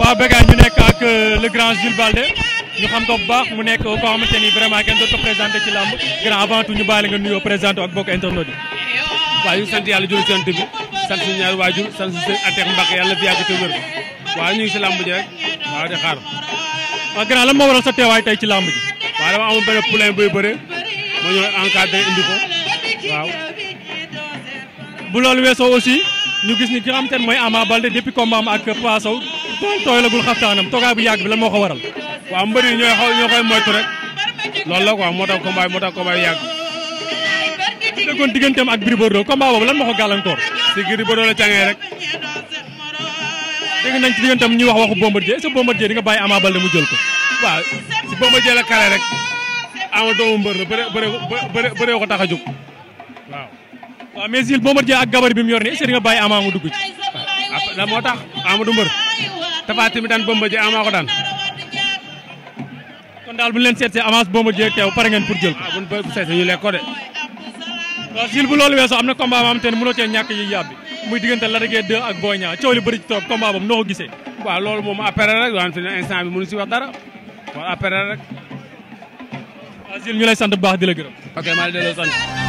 waaw Bécaye ñu nekk ak euh, le grand Jules Baldé ñu xam ko bu baax mu nekk ko xamante ni vraiment kenn dootu ko présenté ci làmb grand avant tout ñu bàyyi la nga nuyoo présenté ak bokk internet yi. waaw ñu sant yàlla jëlee sant bi sant suñu ñaari waajur sant suñu ateex mbàkk yàlla fi yàgg te wér waaw ñu ngi si làmb ji rek waaw di xaar. waaw grand lan moo waral sa teewaay tey ci làmb ji. waaw dama amoon benn poulain buy bëre ma ñëw encadré indi ko waaw. bu loolu weesoo aussi ñu gis ni ki nga mooy Ama Baldé depuis combat am ak Papa tooy tooyalagul xaftaanam toogaay bu yàgg bi lan moo ko waral. waaw mbër yi ñooy xaw ñoo koy moytu rek loolu la quoi moo tax ko bi moo tax combat bi yàgg. bu déggoon digganteem ak Gris Bordeaux combat boobu lan moo ko gàllankoor. si Gris Bordeaux la cangee rek. dégg nañ ci digganteem ñuy wax waxu Bombardier est-ce que Bombardier di nga bàyyi Ama Baldé mu jël ko. waaw si Bombardier la kale rek ama doomu mbër la bëre bëre bëre ko tax a jóg waaw. waaw mais il Bombardier ak bi mu yor nii est-ce que dugg ci. ah tax Tapha Tine mi daan Bombardier Ama ko daan. kon daal bu leen leen seetee avance Bombardier teew pare ngeen pour jël ko. Ah, bu ñu seetee ñu lekk ko de. waaw Gilles bu loolu weesoo am na combat ma am te ne mënoo ñàkk yi yàbbi muy diggante Lac de Guiers 2 ak Boy Niang coow li bëri noo ko gisee. waaw loolu moom après rek yoo xam ne instant bi mënu si wax dara waaw après rek. waaw Gilles ñu lay sant di la gërëm. ok maa ngi leen di sant.